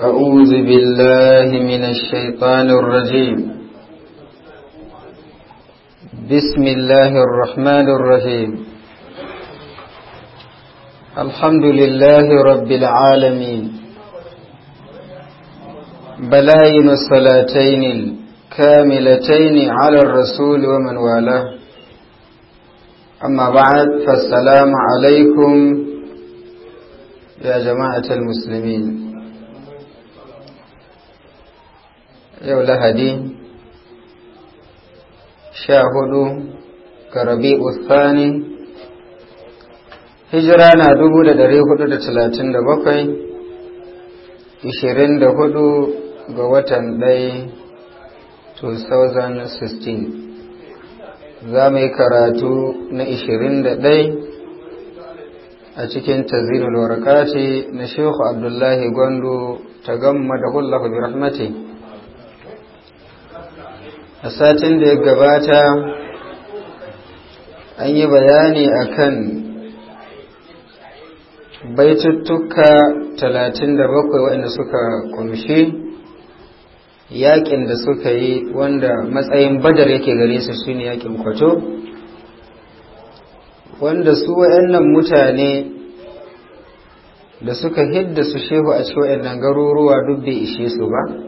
أعوذ بالله من الشيطان الرجيم بسم الله الرحمن الرحيم الحمد لله رب العالمين بلاين الصلاتين الكاملتين على الرسول ومن والاه أما بعد فالسلام عليكم يا جماعة المسلمين yau lahadi sha hudu ga rabi usani hijira na dubu da dari hudu da talatin da bakwai ishirin da hudu ga watan ɗai 2016 za mu yi karatu na ishirin da ɗai a cikin tazirin warakati na shehu abdullahi gwandu ta gamma da hullahu bi a satin da ya gabata an yi bayani a kan akan baituttuka 37 waɗanda suka kunshi yakin da suka yi wanda matsayin badar yake gare su shine yakin kwato wanda su waɗannan mutane da suka hidda su shehu a cikin waɗannan garuruwa duk bai ishe su ba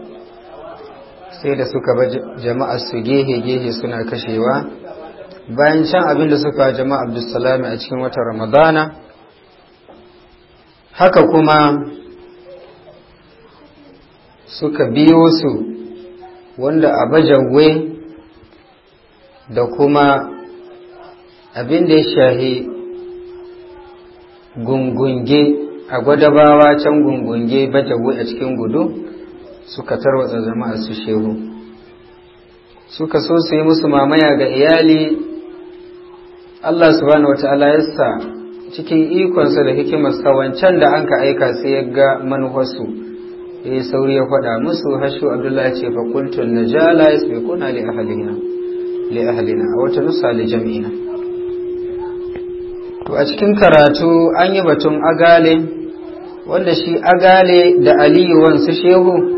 sai da suka ba jama'a su gehe-gehe suna kashewa bayan can abinda suka jama'a abdulsalami a cikin watan ramadana haka kuma suka biyo su wanda a bajawwe da kuma abinda ya shahi gungunge a gwadabawa can gungunge bajawwe a cikin gudu suka tarwatsa jama'a su shehu suka so su yi musu mamaya ga iyali Allah subhanahu wata'ala ya sa cikin ikonsa da hikimarsa wancan da an ka aika sai ya ga manuwarsu ya yi sauri ya faɗa musu hashu abdullahi ce fa kuntun na ja la yasbiquna li ahlina li ahlina a wata nusa li jami'ina to a cikin karatu an yi batun agale wanda shi agale da aliyu wansu shehu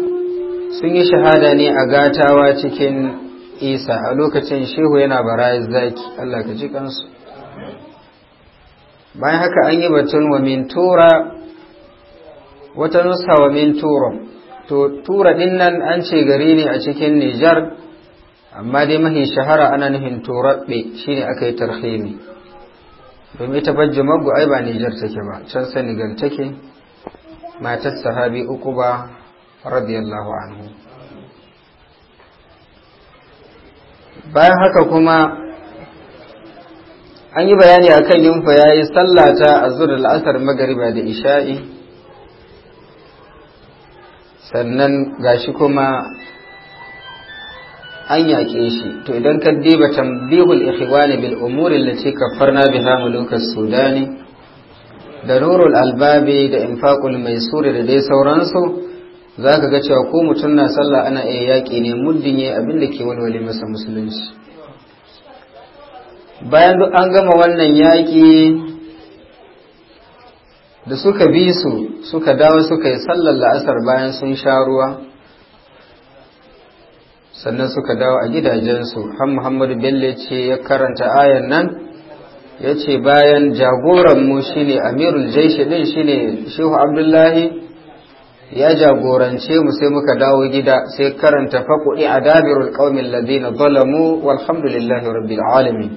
sun yi shahada ne a gatawa cikin isa a lokacin shehu yana barayar zaki allah ka ji kansu bayan haka an yi batun wa mintura wata nusa wa mintura to tura din nan an ce gari ne a cikin nijar amma dai mahi shahara ana nufin turaɓe shine aka yi tarhimi domin ita bajji magu ai ba nijar take ba can senegal take matar sahabi uku ba radiyallahu anhu bayan haka kuma an yi bayani akan yunfa ya yi sallata a zuwa la'asar magariba da isha'i sannan gashi kuma an yaƙe shi to idan ka diba tambihul ikhwani bil umuri allati kaffarna biha mulukas sudani da nurul albabi da infaqul maisuri da dai sauransu za ka ga cewa ko mutum na sallah ana iya yaƙi ne muddin ya abin da ke walwale masa musulunci bayan duk an gama wannan yaƙi da suka bi su suka dawo suka yi sallar la'asar bayan sun sha ruwa sannan suka dawo a gidajensu har muhammadu bello ce ya karanta ayan nan ya ce bayan jagoranmu shine amirul shi din shine shehu abdullahi ya jagorance mu sai muka dawo gida sai karanta faƙuɗi a dabirul ƙaumin ladina zalamu walhamdulillahi rabbil alamin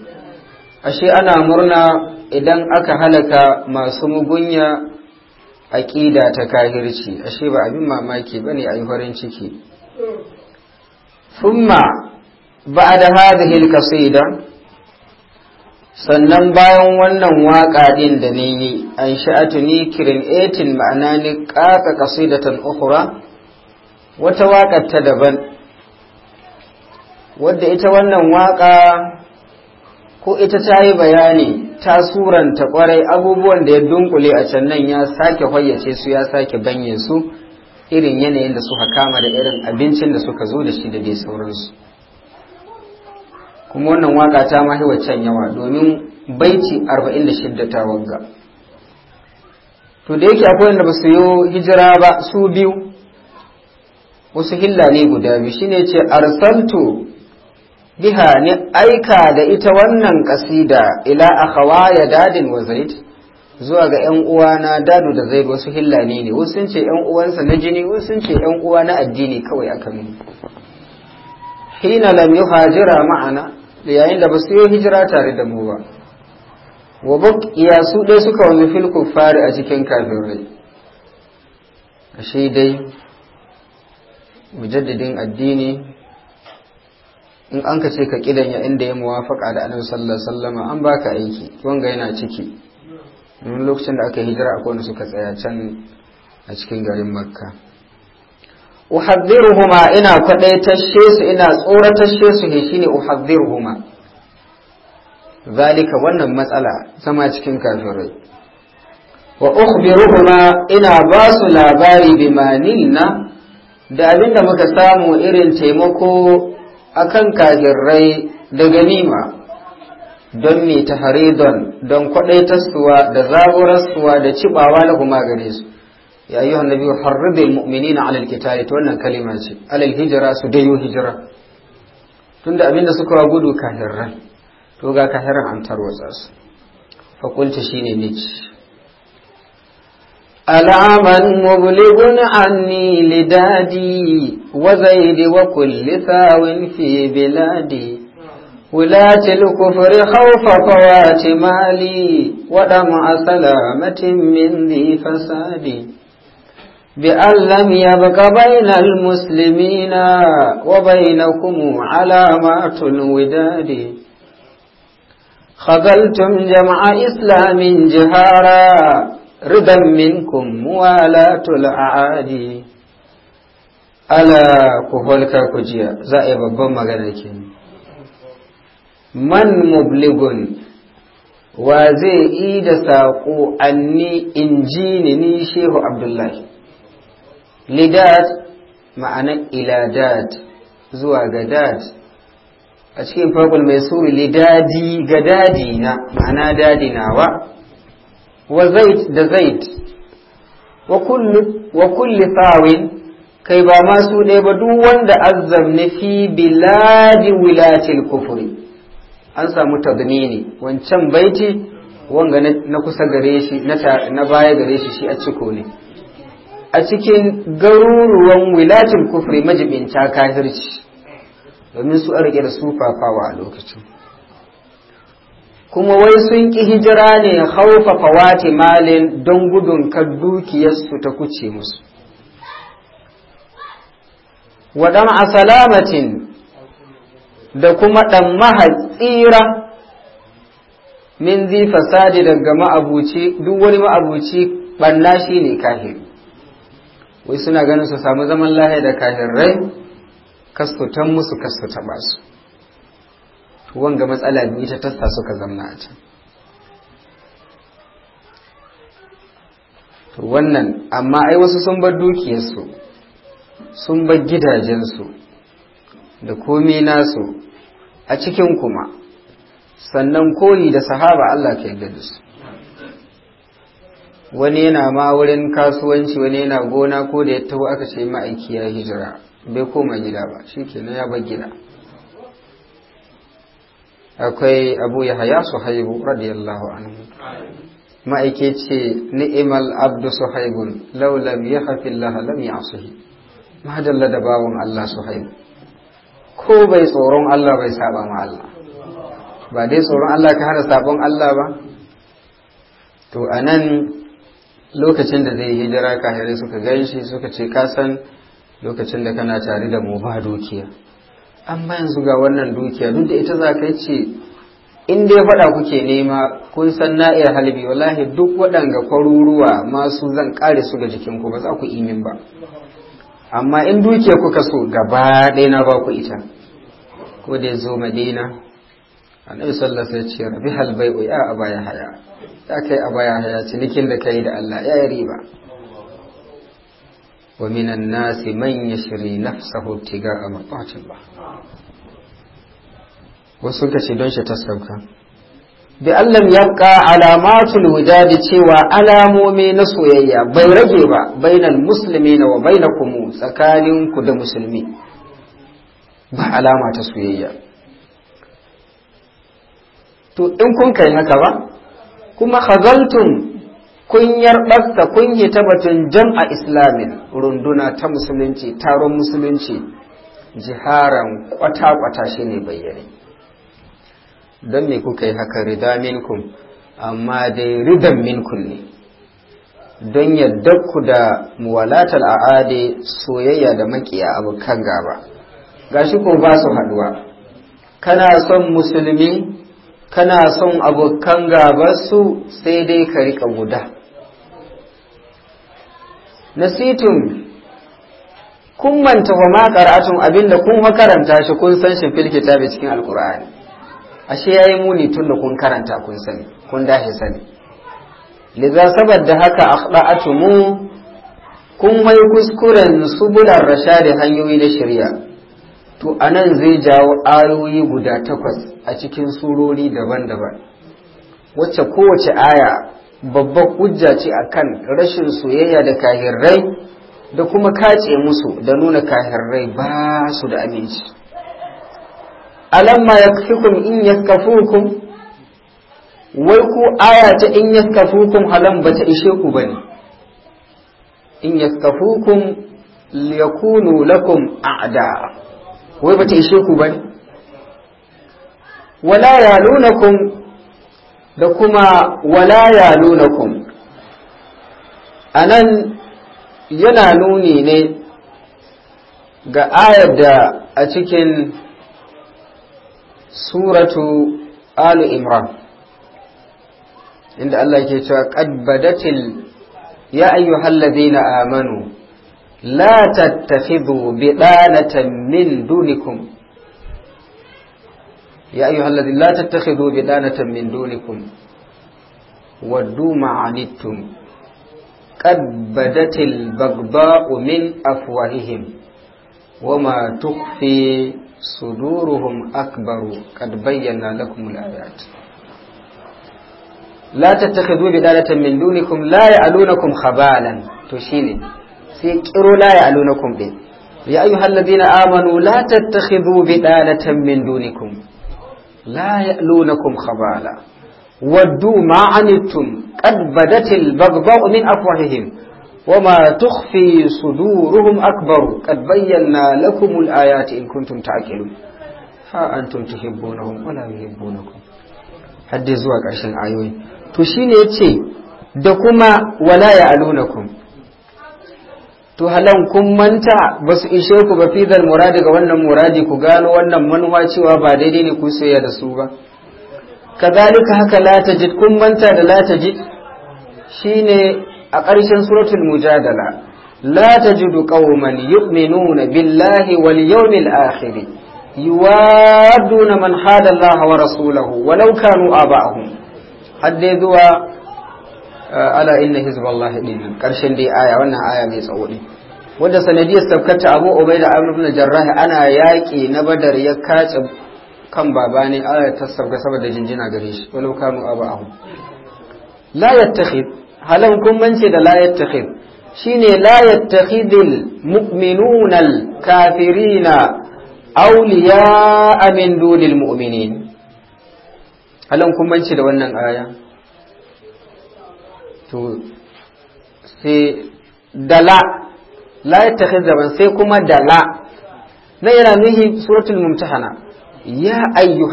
ashe ana murna idan aka halaka masu mugunya aƙida ta kahirci ashe ba abin mamaki ba ne a yi farin ciki thumma ba'da hadhihi al sannan bayan wannan waƙa ɗin da ne yi an sha'atu ni kirin etin ma'ana ni ƙaƙa ƙasidatan ukhra wata waƙar ta daban wadda ita wannan waƙa ko ita ta yi bayani ta suranta ƙwarai abubuwan da ya dunkule a can nan ya sake hoyyace su ya sake banye su irin yanayin da suka kama da irin abincin da suka zo da shi da dai sauransu kuma wannan waka ta mahi waccan yawa domin baiti 46 ta wagga to da yake akwai wanda ba su yi hijira ba su biyu wasu hilla ne guda biyu shine ce arsaltu biha ni aika da ita wannan kasida ila a akhawaya dadin wa zaid zuwa ga yan na dadu da zaid wasu hilla ne ne wasu sun ce yan uwansa na jini wasu sun ce yan uwa na addini kawai a mini hina lam yuhajira ma'ana da yayin da ba su yi hijira tare da mu ba wa ya su dai suka wani fil kuffari a cikin kafirai ashe dai mujaddidin addini in an ka ce ka ya inda ya muwafaka da annabi sallallahu alaihi wasallama an baka aiki wanga yana ciki domin lokacin da aka hijira akwai wani suka tsaya can a cikin garin makka uhaddiruhuma ina kwadaitashe su ina tsoratashe su ne shine uhaddiruhuma zalika wannan matsala zama cikin kafirai wa ukhbiruhuma ina ba su labari bimanilna da abinda muka samu irin taimako akan kafirai da ganima don mai taharidon don kwadaitarsuwa da zaburarsuwa da cibawa lahuma gare su ya yi wa nabi harridil mu'minina alal kitali ta wannan kalima ce alal hijira su dayo hijira tunda abinda suka wa gudu kahirran to ga kahirran an tarwatsa su fakulta shine nici alaman mubligun anni lidadi wa zaidi wa kulli thawin fi biladi ولاة الكفر خوف فوات مالي ودمع سلامة من ذي فسادي بأن لم يبق بين المسلمين وبينكم علامات الوداد خذلتم جمع إسلام جهارا ردا منكم موالاة الأعادي ألا كهولك كجيا زائب بما غنك من مبلغ وزي إيد ساقو أني إنجيني شيخ عبد الله lidad ma'anar iladad zuwa ga a cikin farkon mai suri lidadi ga dadi na ma'ana dadi nawa wa zait da zait wa kulli fawin kai ba masu ne ba duk wanda azzam na fi biladi wilatil kufuri an samu tadmini wancan baiti wanga na kusa gare shi na baya gare shi shi a ciko ne a cikin garuruwan wilatin kufri majibinta kafirci domin su rike da su fafawa a lokacin kuma wai sun ƙi hijira ne haufa fawati malin don gudun kan dukiyarsu ta kuce musu waɗan a salamatin da kuma ɗan mahatsira min zifa fasadi daga ma'abuci duk wani ma'abuci ɓanna shi ne kahiri wai suna ganin su samu zaman lahi da kafirai kastutan musu kastuta ba su ga matsala biyu ta tasta suka zamna a can to wannan amma ai wasu sun bar dukiyarsu sun bar gidajensu da komai nasu a cikin kuma sannan koli da sahaba Allah ka yarda da su wani yana ma wurin kasuwanci wani yana gona ko da ya taho aka ce ma'aiki ya hijira bai koma gida ba shi kenan ya bar gida akwai abu ya haya su haibu radiyallahu anhu ma'aiki ce ni'imal abdu su haibun laulam ya hafi lahalam ya asuhi madalla da bawon allah su haibu ko bai tsoron allah bai saba ma allah ba dai tsoron allah ka hana sabon allah ba to anan lokacin da zai hijira kahirai suka gan shi suka ce kasan lokacin da kana tare da mu ba dukiya amma yanzu ga wannan dukiya duk da ita za ka ce in dai faɗa kuke nema kun san na iya halbi wallahi duk waɗanga kwaruruwa masu zan ƙare su ga jikinku ba za ku imin ba amma in dukiya kuka so gaba ɗaya na ba ku ita ko da ya zo madina annabi sallallahu alaihi wasallam ya ce rabi hal bai'u ya abaya haya ya kai abaya haya cinikin da kai da Allah ya yi riba wa minan nasi man yashri nafsahu tiga'a ba. wasu ka ce don shi ta sauka bi allam yabqa alamatul wujadi cewa alamomi na soyayya bai rage ba bainal muslimina wa bainakum tsakanin ku da musulmi ba alama ta soyayya to in kun kai haka ba kuma khazaltum kun yarbarta kun yi tabbatun jam'a islamin runduna ta musulunci taron musulunci jiharan kwata-kwata shine bayyane don me kuka yi haka rida minkum amma dai ridan minkum ne don yadda ku da muwalatar a'ade soyayya da makiya kan gaba gashi ko ba su haduwa kana son musulmi kana son abokan gabarsu sai dai ka riƙa guda nasitun kun manta wa ma abinda kun karanta shi kun san shi fil kitabi cikin alkur'ani ashe yayi muni tun da kun karanta kun sani kun sani liza saboda haka akhda'atumu kun wai kuskuren subulan da hanyoyi na shirya. to anan zai jawo ayoyi guda takwas a cikin surori daban-daban wacce kowace aya babbar hujja ce kan rashin soyayya da kahirrai da kuma kace musu da nuna kahirrai ba su da aminci alamma yakfikum in yakfukum wai ku aya ta in yakfukum halan ta ishe ku bane in yakfukum liyakunu lakum a'da wai ta ishe ku bane wala da kuma wala A anan yana nuni ne ga ayar da a cikin suratu alu imran inda Allah ke cewa qad badatil ya ayyuhallazina amanu لا تتخذوا بطانة من دونكم يا أيها الذين لا تتخذوا بطانة من دونكم ودوا ما عنتم قد بدت البغضاء من أفواههم وما تخفي صدورهم أكبر قد بينا لكم الآيات لا تتخذوا بطانة من دونكم لا يعلونكم خبالا تشيني في لا يعلونكم به يا أيها الذين آمنوا لا تتخذوا بدالة من دونكم لا يألونكم خبالا ودوا ما عنتم قد بدت البغضاء من أفواههم وما تخفي صدورهم أكبر قد بينا لكم الآيات إن كنتم تعقلون ها أنتم تحبونهم ولا يحبونكم هدي زواج عشان تشيني تشي دكما ولا يعلونكم to halan kun manta ba su ishe ku ba fidal muradi ga wannan muradi ku gano wannan manuwa cewa ba daidai ne ku ya da su ba kazalika haka la tajid kun manta da la tajid shine a ƙarshen suratul mujadala la tajidu qauman yu'minuna billahi wal yawmil akhir yuwaduna man hada Allah wa rasulahu walau kanu aba'hum hadde zuwa ala inna hizballahi din karshen dai aya wannan aya mai tsawo ne wanda sanadiyar tabkata abu ubaida ibn jarrah ana yaki na badar ya kace kan baba ne aya ta sabga saboda jinjina gare shi wala kanu abu la yattakhid halan kun mance da la yattakhid shine la yattakhidul mu'minuna al kafirina awliya min dunil mu'minin halan kun mance da wannan aya to sai dala la yattakhidh zaban sai kuma dala na yana nuhi suratul mumtahana ya ayyu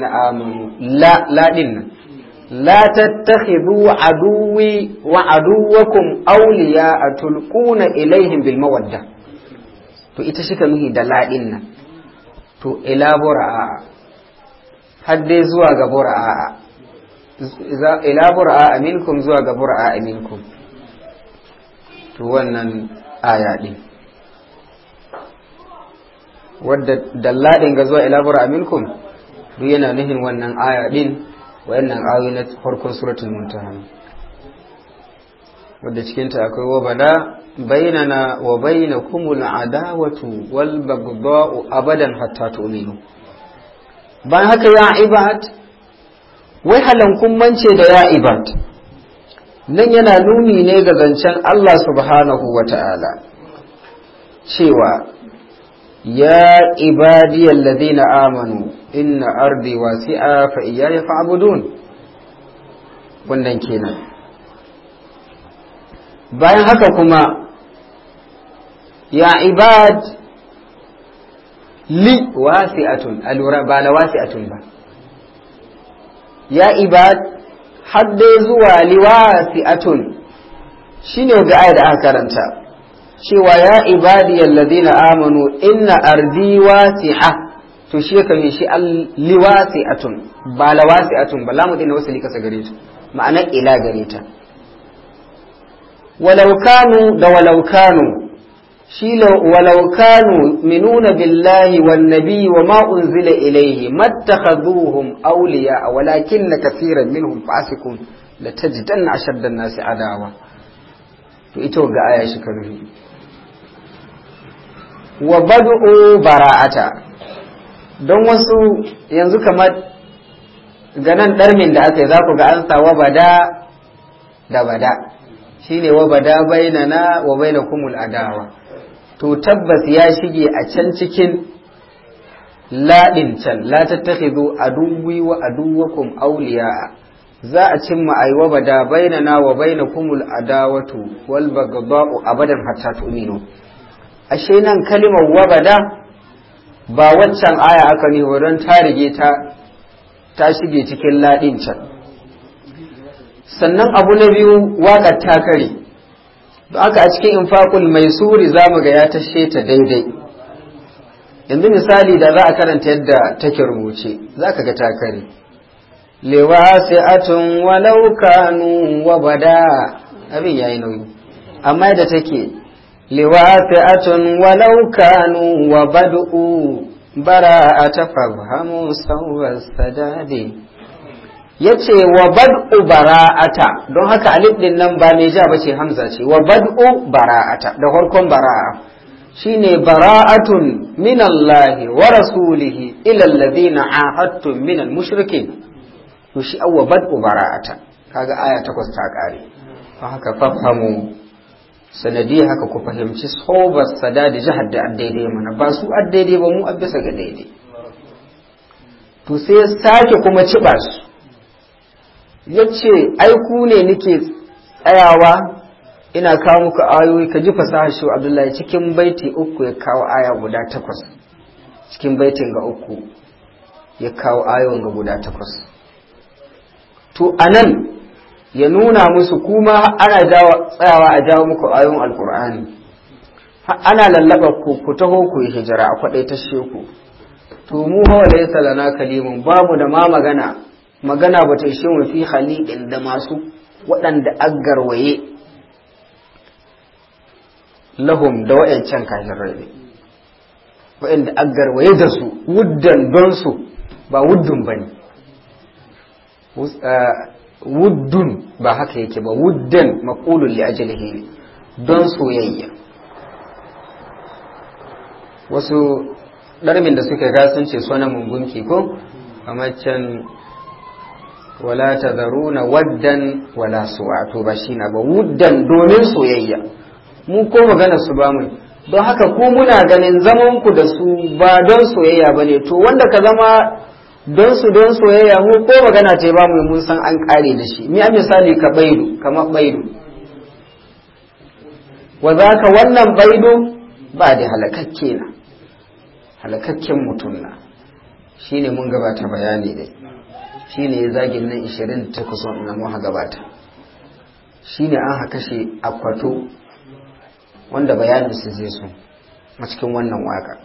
na amanu la la din لا تتخذوا auliya a أولياء تلقون bilma wadda. to ita shi nuhi dala laɗin nan to ila bura'a har dai zuwa ga bura'a ila bur'a aminkum zuwa ga bur'a aminkum to wannan aya din wadda dalladin ga zuwa ila bur'a aminkum duk yana nuhin wannan aya din wayannan ayoyi na farkon suratul muntaha wadda cikin ta akwai wabada bainana wa bainakumul adawatu wal baghdha'u abadan hatta tu'minu bayan haka ya ibad wai halankun mance da ya ibad nan yana nuni ne ga zancen Allah subhanahu wa ta'ala cewa ya ibadiyar ladina amanu inna ardi wasi'a fa iyaya fa'budun wannan kenan bayan haka kuma ya ibad li wasi'atun alura ba la wasi'atun ba ya ibad zuwa dai zuwa liwasi'atun shine ga ayat da aka karanta cewa ya ibadi na amanu inna ardi ha to shi kame shi atun ba atun ba lamu dina wasu likasa gare ta ma'ana ila gare ta walaukanu da walaukanu shi walau kanu minuna billahi wan nabi wa ma unzila ilaihi mattakhaduhum awliya na kaseeran minhum fasikun latajidanna ashaddan nasi adawa to ita ga aya shi karfi wa bad'u bara'ata don wasu yanzu kamar ganan darmin da aka yi za ku ga an sa bada da bada shine wa bada bainana wa bainakumul adawa to tabbas ya shige a can cikin laɗin can la tattakhidhu aduwwi wa aduwwakum auliya za a cimma aiwa bada na, wa kumul adawatu wal baghdha'u abadan hatta tu'minu ashe nan kalimar wabada ba waccan aya aka ne don ta rige ta ta shige cikin laɗin can sannan abu na biyu waƙar ta kare da aka a cikin infaqul mai suri za mu ga ya tashe ta daidai yanzu misali da za a karanta yadda take rubuce za ka ga ta kare liwasi'atun walau kanu wa bada abin yayi nauyi amma da take liwasi'atun walau kanu wa bad'u bara'ata fafhamu sawwa sadadi ya ce wa bad'u bara'ata don haka alif din nan ba mai ja bace hamza ce wa bad'u bara'ata da farkon bara'a shine bara'atun minallahi wa rasulihi ila alladhina ahadtum minal mushrikin to shi awwa bad'u bara'ata kaga aya takwas ta kare fa haka fahamu sanadi haka ku fahimci sobar sada da jihar da daidai mana ba su daidai ba mu a ga daidai to sai sake kuma ba su ya ce aiku ne nike tsayawa ina kawo muku ayoyi ka ji fasaha shi abdullahi cikin baiti uku ya kawo aya guda takwas cikin baitin ga uku ya kawo ayon ga guda takwas to anan ya nuna musu kuma ana tsayawa a jawo muku ayon alkur'ani ana lallaba ku ku taho ku yi hijira a kwaɗai ta sheku to mu hawa ya lana kalimun babu da ma magana magana ba ta shi mu fi da masu waɗanda aggarwaye lahum da wa'ancan kafirai ne wa'anda aggarwaye da su wuddan don su ba wuddun ba ne wuddun ba haka yake ba wuddan maƙulun li ajalihi ne don soyayya wasu ɗarmin da suka gasance sun sunan mungunki ko a can wala tadharuna waddan wala su'a bashina ba shine ba domin soyayya mu ko magana su ba mu don haka ku muna ganin zaman ku da su ba don soyayya bane to wanda ka zama don su don soyayya mu ko magana ce ba mu mun san an kare da shi mi a misali ka baidu kamar baidu wa za ka wannan baidu ba da halakakke na halakakken mutum na shine mun gabata bayani dai shine ya zagin nan 20 ta kusan na muha gabata shi ne an haka shi akwato wanda bayanin su zai so a cikin wannan waka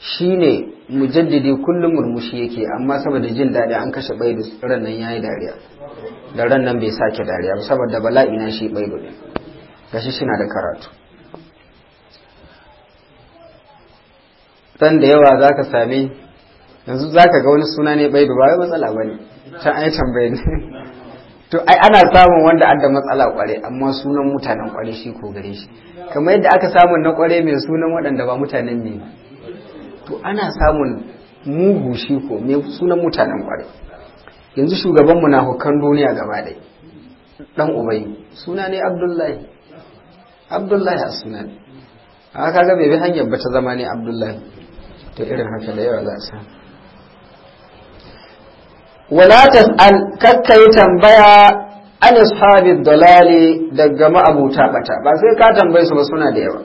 Shi ne mujaddidi kullum murmushi yake amma saboda jin daɗi an kashe bai da ran nan ya yi dariya da ran nan bai sake dariya ba saboda bala'i na shi bai din gashi shi na da karatu dan da yawa zaka same yanzu za ka ga wani suna ne bai da matsala ba ne can an yi tambaye ne to ai ana samun wanda da matsala kware amma sunan mutanen kware shi ko gare shi kamar yadda aka samun na kware mai sunan waɗanda ba mutanen ne to ana samun mugu shi ko mai sunan mutanen kware yanzu shugabanmu na hukar duniya gaba ɗaya dan ubai suna ne abdullahi abdullahi a sunan a kaga bai bi hanyar ba ta zama ne abdullahi to irin haka da yawa za a samu ولا تسأل yi tambaya an ashabi الضلال daga ma'abuta bata ba sai ka tambaye su ba suna da yawa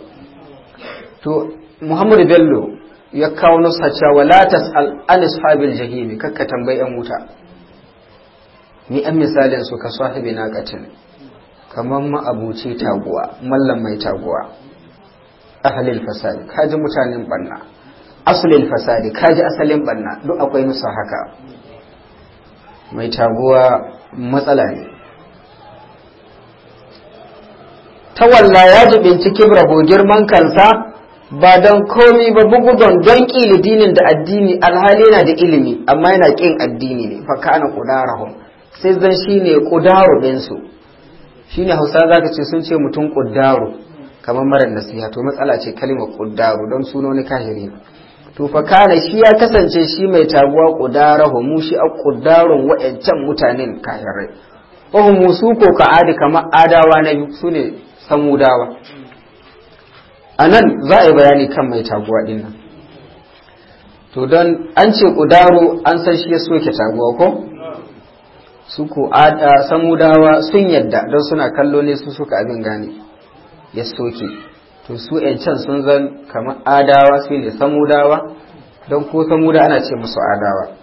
to Muhammadu Bello ya kawo nusa cewa wala tas'al an ashabil yan ni an misalin su ka sahibi na katin kamar ma'abuci taguwa mallam mai taguwa ahlil fasadi kaji mutanen banna asalin fasadi kaji asalin banna duk akwai musu haka mai taguwa matsala ne Ta tawalla ya kibra kibrahu girman kansa ba don komi ba bugudan don dinin da addini alhali yana da ilimi amma yana ƙin addini ne fakana ƙudarahun sai zan shi ne ƙudaru ɗinsu shi ne hausa za ka ce sun ce mutum ƙudaru kamar marar nasiha to matsala ce kalimar ƙudaru don sunoni kahiri to fa kana shi ya kasance shi mai taguwa qudarahu mu shi a kudarun wa'ancan mutanen kafirai wa su ko ka adi kamar adawa na ne samudawa anan za a yi bayani kan mai taguwa din nan to don an ce ƙudaru an san shi ya soke taguwa ko su ko samudawa sun yadda don suna kallo ne su suka abin gane ya soke to su can sun zan kamar adawa su ne samudawa don ko samuda ana ce musu adawa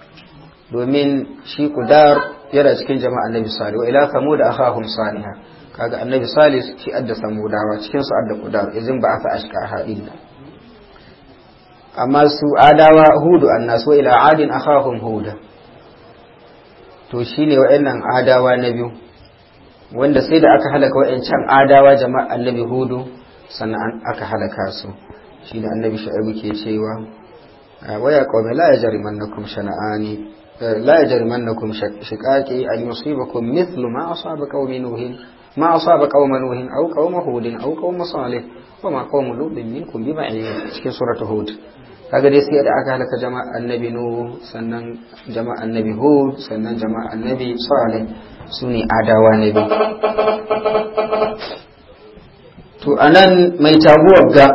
domin shi kudar yana cikin jama'a annabi salih wa ila samuda akhahum saliha kaga annabi salih shi adda samudawa cikin su adda kudar izin ba asa ashka da, amma su adawa hudu an wa ila adin akhahum huda to shi wa'in wa'annan adawa na biyu wanda sai da aka halaka can adawa jama'a annabi hudu sannan aka halaka su shi da annabi shu'aibu ke cewa ah, waya qawmi la yajrimannakum shana'ani eh, la yajrimannakum shiqaqi an yusibakum mithlu ma asaba qaumi nuhin ma asaba qauma nuhin aw qauma hudin aw qauma salih wa ma qaumu lutin minkum biba'id cikin suratul hud kaga dai sai da aka halaka jama'an annabi nuhu sannan jama'an annabi hud sannan jama'an annabi salih sune adawa nabi to anan mai taguwar ga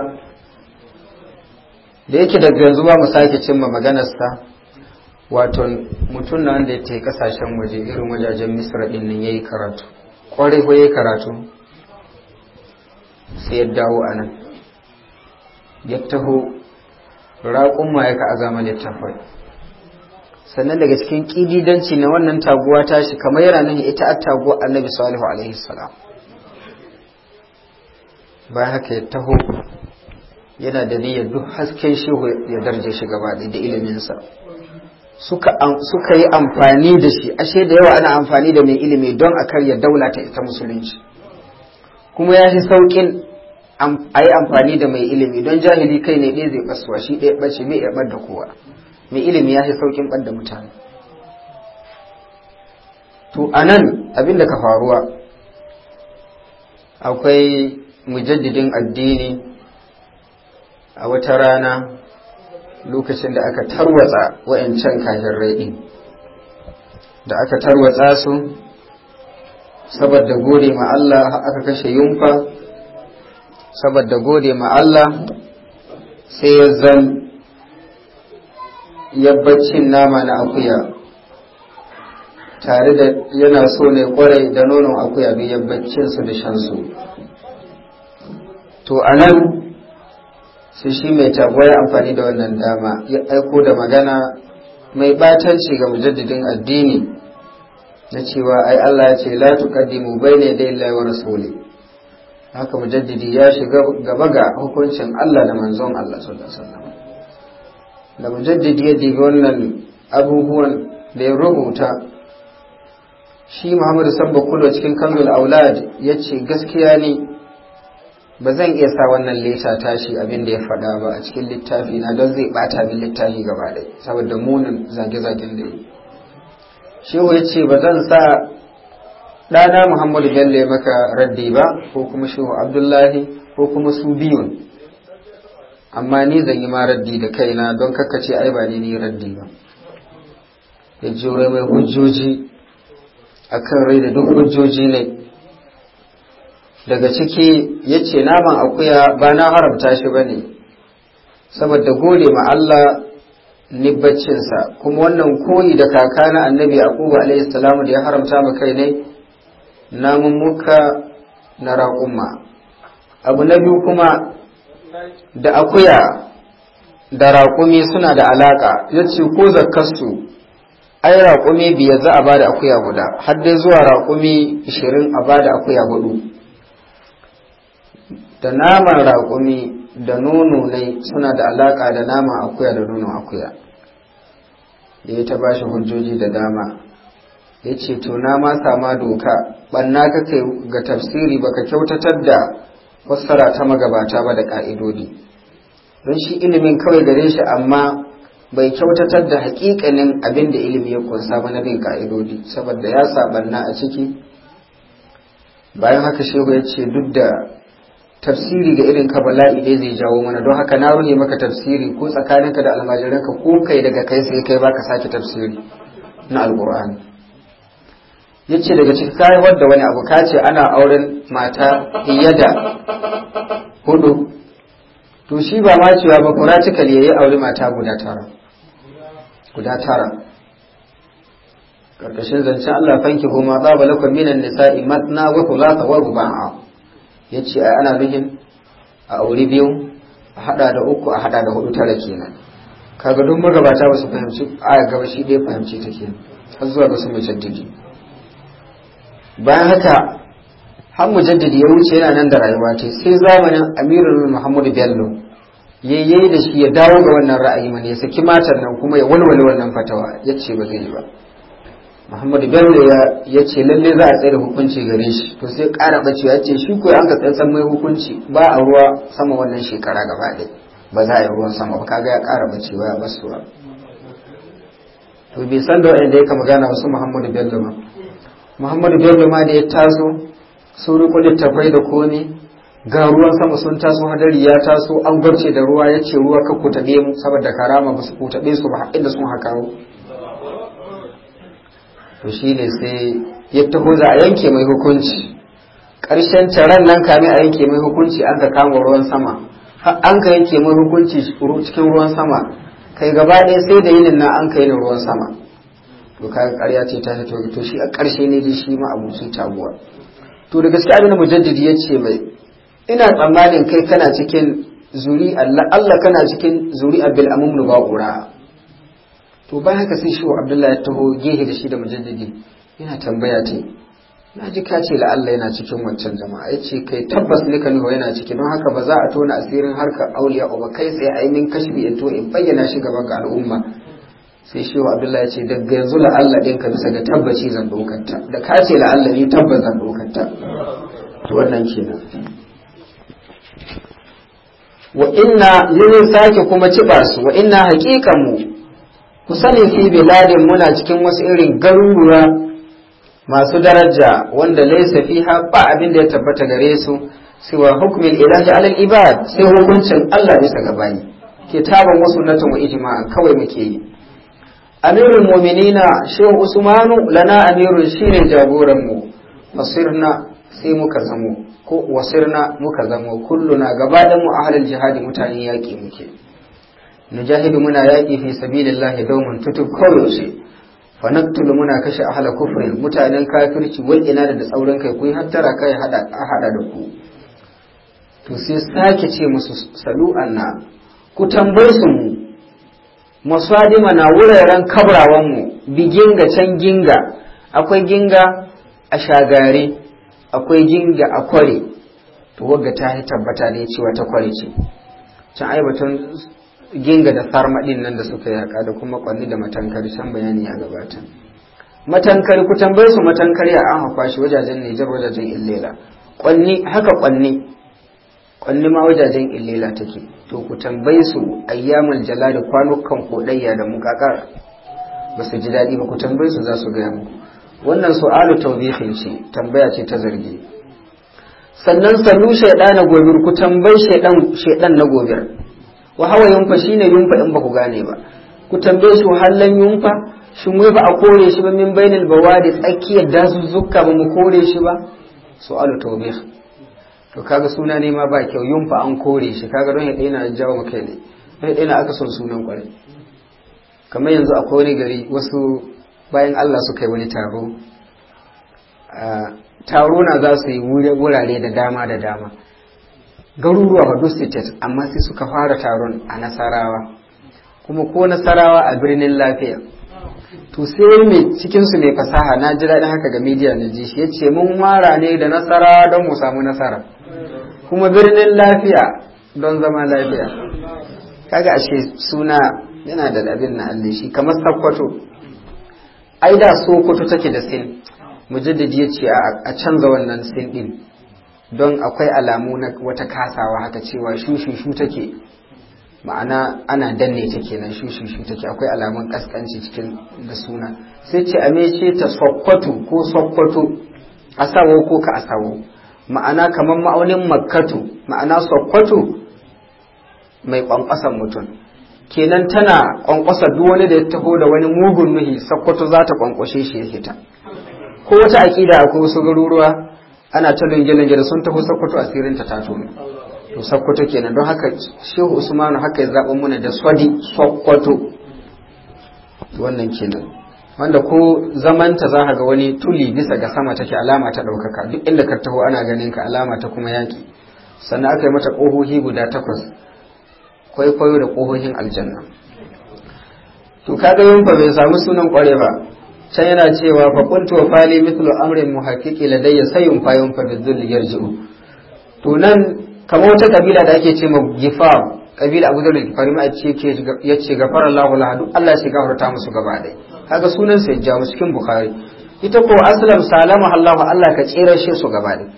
da yake daga yanzu ba mu sake cimma maganarsa wato mutum na wanda ya kasashen waje irin wajajen misra din nan ya yi karatu kwarai ko ya yi karatu sai ya dawo anan. nan ya taho raƙun ma ya ka azama littafai sannan daga cikin ƙididanci na wannan taguwa tashi kamar yana nan ita a taguwa annabi salihu alaihi salam bayan haka ya taho yana da niyyar duk hasken shehu ya darje shi gaba da iliminsa suka yi amfani da shi ashe da yawa ana amfani da mai ilimi don a karya daula ta ita musulunci kuma ya fi sauƙin a yi amfani da mai ilimi don jahili kai ne ɗaya zai ɓasuwa shi ɗaya ɓace mai ya ɓar da kowa mai ilimi ya fi saukin ɓar da mutane to a nan abin da ka faruwa akwai mujaddidin addini a wata rana lokacin da aka tarwatsa wa'ancan kahirrai ɗin da aka tarwatsa su saboda gode ma Allah aka kashe yunfa saboda gode ma Allah sai ya zan yabbacin nama na akuya tare da yana so ne kwarai da nonon akuya duk su da shan su. to anan nan shi mai tagwa ya amfani da wannan dama ya aiko da magana mai batanci ga mujaddidin addini na cewa ai Allah ya ce la tuqaddimu bayna yaday Allah wa rasuli haka mujaddidi ya shiga gaba ga hukuncin Allah da manzon Allah sallallahu alaihi wasallam da mujaddidi ya diga wannan abubuwan da ya rubuta shi Muhammadu Sabba cikin Kamil Aulad yace gaskiya ne ba zan iya sa wannan leta tashi abin da ya faɗa ba a cikin littafi na don zai ɓata min littafi gaba ɗaya saboda munin zage-zagen da yi shehu ya ce ba zan sa ɗana muhammadu bello ya maka raddi ba ko kuma shehu abdullahi ko kuma su biyun amma ni zan yi ma raddi da kaina don kakkace ai ba ni raddi ba ya jure mai hujjoji akan rai da duk hujjoji ne daga ciki ya ce naman akuya ba na haramta shi ba ne saboda gode ma Allah nibbacinsa kuma wannan koyi da kaka na annabi akuba alaihi salamu da ya haramta ma kai ne namun muka na raƙumma. abu na biyu kuma da akuya da raƙumi suna da alaƙa ya ce ko zakarsu ai raƙumi biyar za a ba da akuya guda har dai zuwa raƙumi ishirin a ba da akuya gudu. da naman raƙumi da nono ne suna da alaƙa da naman akuya da nonon akuya ya yi ta bashi hujjoji da dama ya ce to na ma sama doka ɓanna ka ga tafsiri baka kyautatar da fassara ta magabata ba da ƙa'idodi don shi ilimin kawai gare shi amma bai kyautatar da hakikanin abin da ilimi ya kunsa ba na bin ka'idodi saboda ya ɓanna a ciki bayan haka shehu ya ce duk da tafsiri da irin ka bala'i dai zai jawo mana don haka na rune maka tafsiri ko tsakaninka da almajiranka ko kai daga kai sai kai baka sake tafsiri na alqur'ani yace daga ciki kai wanda wani abu ka ce ana auren mata fiye hudu to shi ba ma cewa ba practical yayi aure mata guda tara guda tara karkashin zancen Allah fanki huma tsaba lakum minan nisa'i matna wa thulatha wa ruba'a ya ce ana nufin a auri biyu a hada da uku a hada da hudu tara kenan kaga duk magabata ba su fahimci a gaba shi dai fahimci ta kenan har zuwa ga su mujaddidi bayan haka har mujaddidi ya wuce yana nan da rayuwa ce sai zamanin amirul muhammadu bello ya yi da shi ya dawo ga wannan ra'ayi mana ya saki matar nan kuma ya walwale wannan fatawa ya ce ba zai yi ba Muhammad Bello ya ce lalle za a tsaye da hukunci gare shi to sai ƙara bace ya ce shi ko an ka tsantsan mai hukunci ba a ruwa sama wannan shekara gaba ɗaya ba za a yi ruwan sama ba kaga ya ƙara bace ya basu ba to bai san da wanda ya ka magana wasu Muhammad Bello ma Muhammad Bello ma da ya taso sun riko tafai da komi ga ruwan sama sun taso hadari ya taso an gwarce da ruwa ya ce ruwa ka ku mu saboda karama ba su ku taɓe su ba inda sun haƙaro. to shi ne sai ya taho za a yanke mai hukunci ƙarshen taron nan kame a yanke mai hukunci an ka kama ruwan sama an ka yanke mai hukunci cikin ruwan sama kai gaba ɗaya sai da yinin nan an ka yi ruwan sama to kaga ƙarya ce ta fito to shi a ƙarshe ne dai shi ma abuci taguwa to da gaske abin mujaddidi ya ce mai ina tsammanin kai kana cikin zuri Allah kana cikin zuri abil amum ba'ura to ba haka sai shehu abdullahi ya taho gehe da shi da majajjaji yana tambaya ta na ji kace la la'alla yana cikin wancan jama'a ya ce kai tabbas ne ka nufa yana ciki don haka ba za a tona asirin harkar auliya ba kai sai a yi min in to in bayyana shi gaban ga al'umma sai shehu abdullahi ya ce daga yanzu la'alla ɗin ka bisa ga tabbaci zan dokanta da kace la Allah ne tabbas zan To wannan kenan wa inna yunsaki sake kuma ciba su wa inna haƙiƙan mu ku sani fi biladin muna cikin wasu irin garuruwa masu daraja wanda laisa har ba abin da ya tabbata gare su siwa hukumin ilahi alal ibad sai hukuncin Allah bisa ga bayi kitaban wasu na wa ijma'a kawai muke yi amirul mu'minina shehu usmanu lana amirul shine jagoran mu wasirna sai muka zamo ko wasirna muka zamo kulluna gaba da mu ahlul jihadi mutane yaki muke nujahidu muna yaƙi fi sabilillahi dauman tutub koyaushe fa naktulu muna kashe ahla kufrin mutanen kafirci wal ina da tsauran kai kun hattara kai hada hada da ku to sai sake ce masu salu anna ku tambaye su mu masadima na wuraren kabrawan mu biginga can ginga akwai ginga a shagare akwai ginga a kware to wagga ta tabbata ne cewa ta kware ce can ai batun ginga da farmadin nan da suka yaka da kuma kwalli da matankari can bayani ya gabata matankari ku tambaye su matankari a an hafa shi wajajen Nijar wajajen Illela kwanni haka kwanni kwanni ma wajajen Illela take to ku tambaye su ayyamul da kwanukan kodayya da mukakar ba su ji daɗi ba ku tambaye su za su gaya mu wannan su'alu tawbihin ce tambaya ce ta zargi sannan sanu shaiɗa na gobir ku tambayi shaydan na gobir wa hawa yunfa shine yunfa in ba ku gane ba ku tambaye shi wahalan yunfa shin wai ba a kore shi ba min bainal bawadi tsakiyar dazuzzuka ba mu kore shi ba su'alu tawbih to kaga suna ne ma ba kyau yunfa an kore shi kaga don ya daina jawo kai ne don ya daina aka son sunan kwari kamar yanzu akwai wani gari wasu bayan Allah suka yi wani taro ah, taro na za su yi wurare da dama da dama garuruwa Ondo State amma sai suka fara taron a Nasarawa kuma ko Nasarawa a birnin lafiya to sai mai cikin mai fasaha na ji daɗin haka ga media na ji shi yace mun mara ne da Nasarawa don mu samu nasara kuma birnin lafiya don zama lafiya kaga ashe suna yana da abin na Allah shi kamar sakwato ai da Sokoto take da sin mujaddidi yace a canza wannan sin din don akwai alamu na wata kasawa haka cewa shushushu take ma'ana ana danne ta kenan shushushu take akwai alamun kaskanci cikin da suna sai ce a mece ta sokwato ko sokkwato asawo ko ka asawo ma'ana kamar ma'aunin makkatu ma'ana sokwato mai kwankwasan mutum kenan tana kwankwasa duk wani da ya taho da wani mugun nuhi sokwato za ta kwankwashe shi ya hita ko wata aƙida akwai wasu garuruwa ana ta lunge-lunge da sun taho sakkwato tsirin ta tato ne to sakkwato kenan don haka shehu usmanu haka ya zaɓa muna da swadi sakkwato wannan kenan wanda ko zamanta za ga wani tuli bisa ga sama take alama ta ɗaukaka duk inda ka taho ana ganin ka alama ta kuma yaƙi sannan aka yi mata ƙohohi guda takwas kwaikwayo da ƙohohin aljanna to kaga yin ba bai samu sunan ƙware ba can yana cewa fa kuntu fali mithlu amri muhaqqiqi ladayya sayun fayun fa bidzul yarji'u to nan kamar wata kabila da ake ce ma gifar kabila Abu Dawud gifari ma ce ke yace gafara Allahu lahadu Allah shi gafarta musu gaba dai kaga sunan sai ja cikin Bukhari ita ko aslam salama Allahu Allah ka tsira shi su gaba dai